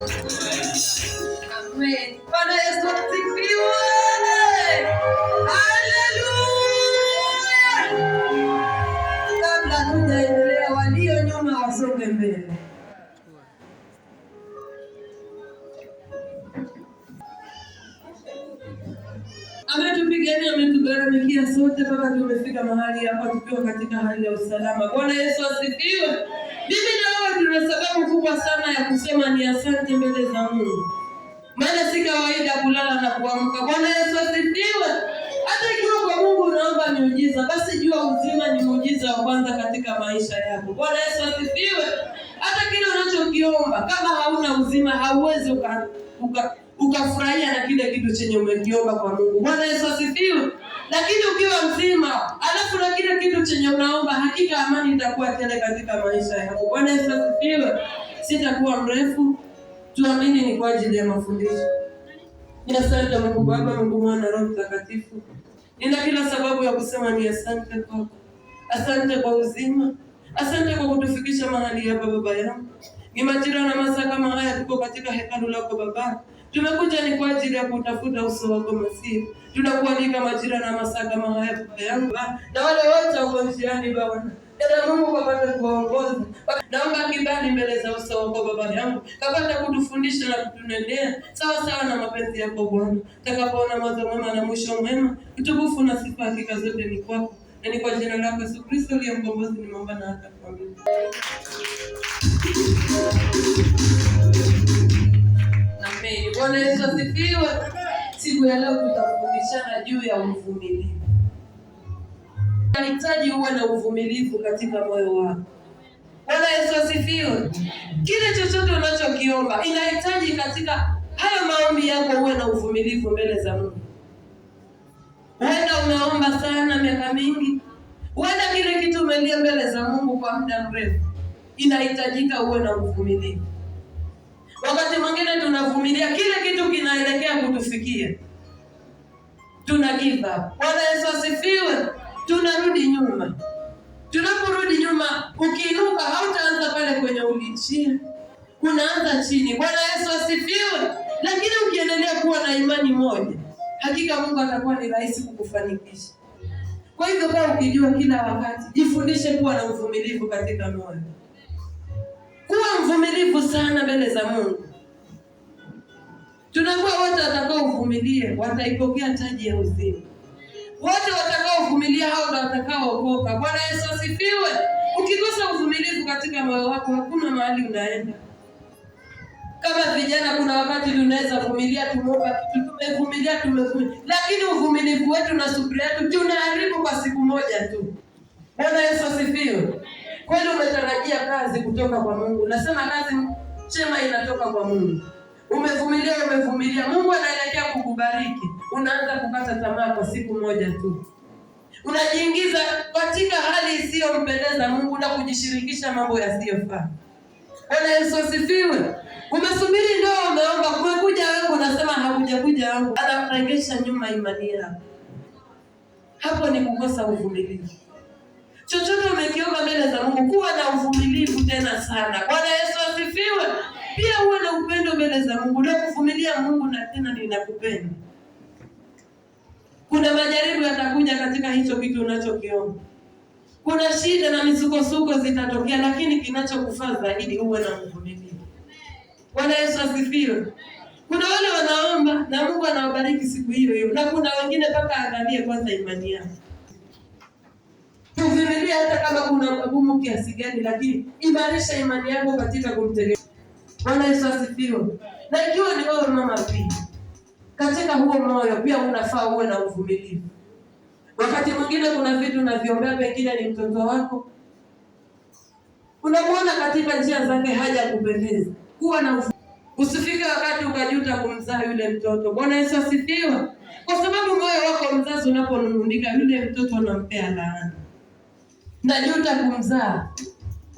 Amen. nyuma wasonge mbele. Ametupigania, ametugharamikia sote mpaka tumefika mahali hapa tukiwa katika hali ya usalama. Bwana Yesu asifiwe. Biblia tuna sababu kubwa sana ya kusema ni asante mbele za Mungu, maana si kawaida kulala na kuamka. Bwana Yesu asifiwe. Hata ikiwa kwa Mungu unaomba miujiza, basi jua uzima ni muujiza wa kwanza katika maisha yako. Bwana Yesu asifiwe. Hata kile unachokiomba kama hauna uzima, hauwezi ukafurahia uka, uka na kile kitu chenye umekiomba kwa Mungu. Bwana Yesu asifiwe lakini ukiwa mzima alafu na kila kitu chenye unaomba, hakika amani itakuwa tele katika maisha yako. Bwana Yesu asifiwe. Sitakuwa mrefu, tuamini ni kwa ajili ya mafundisho. Asante Mungu Baba, Mungu Mwana, Roho Mtakatifu, nina kila sababu ya kusema ni asante kwako, asante kwa uzima, asante kwa kutufikisha mahali hapa. Baba yangu, ni majira na masaa kama haya tuko katika hekalu lako Baba. Tumekuja ni kwa ajili ya kutafuta uso wako Masihi. Tunakualika majira na masaa kama haya Baba yangu, ah, na wale wote wako njiani Bwana dada Mungu kapata kuongoza, naomba kibali mbele za uso wako Baba yangu, kapata kutufundisha na kutunendea sawa sawa na mapenzi yako Bwana, takapoona mwanzo mwema na mwisho mwema. Utukufu na sifa hakika zote ni kwako, na ni kwa jina lako Yesu Kristo aliye mkombozi, nimeomba na hata kwa Ameni. Bwana Yesu asifiwe. Siku ya leo tutafundishana juu ya uvumilivu. Nahitaji uwe na uvumilivu katika moyo wako. Bwana Yesu asifiwe. Kile chochote unachokiomba inahitaji katika hayo maombi yako uwe na uvumilivu mbele za Mungu. Huenda umeomba sana miaka mingi, huenda kile kitu umelia mbele za Mungu kwa muda mrefu, inahitajika uwe na uvumilivu. Wakati mwingine tunavumilia kile kitu kinaelekea kutufikia, tuna give up. Bwana Yesu asifiwe. Tunarudi nyuma. Tunaporudi nyuma, ukiinuka hautaanza pale kwenye ulichia, unaanza chini. Bwana Yesu asifiwe. Lakini ukiendelea kuwa na imani moja, hakika Mungu atakuwa ni rahisi kukufanikisha. Kwa hivyo, kwa ukijua kila wakati, jifundishe kuwa na uvumilivu katika moyo uvumilivu sana mbele za Mungu. Tunakuwa wote watakaovumilia wataipokea taji ya uzima. Wote watakaovumilia hao ndio watakaookoka. Bwana Yesu asifiwe. Ukikosa uvumilivu katika moyo wako, hakuna mahali unaenda. Kama vijana, kuna wakati tunaweza vumilia, tumeomba kitu, tumevumilia, tumevumilia, lakini uvumilivu wetu na subira yetu tunaharibu kwa siku moja tu. Bwana Yesu asifiwe kweli umetarajia kazi kutoka kwa Mungu, unasema kazi chema inatoka kwa Mungu, umevumilia umevumilia, Mungu anaelekea kukubariki, unaanza kukata tamaa kwa siku moja tu, unajiingiza katika hali isiyompendeza Mungu na kujishirikisha mambo yasiyofaa. Bwana Yesu asifiwe. Umesubiri ndio, umeomba, kumekuja wewe, unasema hakujakuja wangu, anakuregesha nyuma imani yako. Hapo ni kukosa uvumilivu chochote umekiomba mbele za Mungu, kuwa na uvumilivu tena sana. Bwana Yesu asifiwe. Pia uwe na upendo mbele za Mungu na kuvumilia Mungu, na tena ninakupenda. Kuna majaribu yatakuja katika hicho kitu unachokiomba, kuna shida na misukosuko zitatokea, lakini kinachokufaa zaidi uwe na uvumilivu. Bwana Yesu asifiwe. Kuna wale wanaomba na Mungu anawabariki siku hiyo hiyo, na kuna wengine mpaka angalie kwanza imani yao. Vumilia hata kama kuna ugumu kiasi gani, lakini imarisha imani yako katika kumtegemea Bwana Yesu asifiwe. Na ikiwa ni wewe mama, pia katika huo moyo pia unafaa uwe na uvumilivu. Wakati mwingine kuna vitu unaviombea, pengine ni mtoto wako, unamwona katika njia zake haja kupendeza. Kuwa na uvumilivu, usifike wakati ukajuta kumzaa yule mtoto. Bwana Yesu asifiwe, kwa sababu moyo wako mzazi unaponung'unika, yule mtoto unampea laana najuta kumzaa.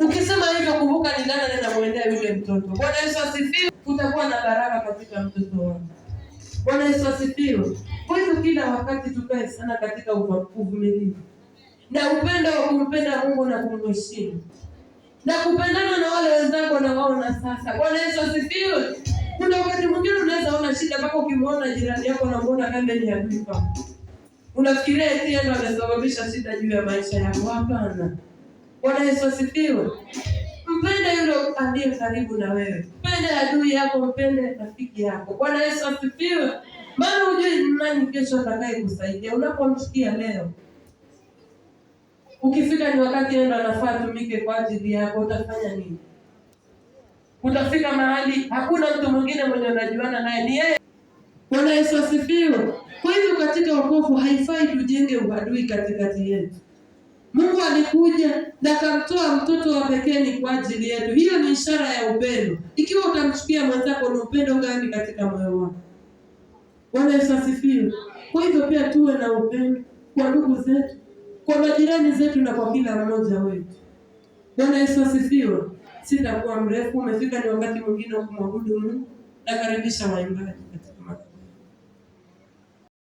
Ukisema hivyo, kumbuka ni nani anamwendea yule mtoto. Bwana Yesu asifiwe. Kutakuwa na baraka katika mtoto wako. Bwana Yesu asifiwe. Kwa hiyo kila wakati tukae sana katika uvumilivu na upendo wa kumpenda Mungu na kumheshimu na kupendana na wale wenzako na wao na sasa. Bwana Yesu asifiwe. Kuna wakati mwingine unaweza ona shida mpaka ukimwona jirani yako na muona kambe ni adui kwako. Unafikiria Etienne amesababisha shida juu ya maisha yako? Hapana. Bwana Yesu asifiwe. Mpende yule aliye karibu na wewe, mpende adui yako, mpende rafiki yako. Bwana Yesu asifiwe. Maana hujui nani kesho atakaye kusaidia. Unapomsikia leo, ukifika ni wakati endo anafaa tumike kwa ajili yako, utafanya nini? Utafika mahali hakuna mtu mwingine mwenye unajuana naye, ni yeye. Bwana Yesu asifiwe. Kwa hivyo katika wokovu haifai tujenge uadui katikati yetu. Mungu alikuja na akamtoa mtoto wa pekee kwa ajili yetu. Hiyo ni ishara ya upendo. Ikiwa utamchukia mwenzako, ni upendo gani katika moyo wako? Bwana Yesu asifiwe. Kwa hivyo pia tuwe na upendo kwa ndugu zetu, kwa majirani zetu na kwa kila mmoja wetu. Bwana Yesu asifiwe. Sitakuwa mrefu, umefika ni wakati mwingine wa kumwabudu Mungu. Nakaribisha waimbaji.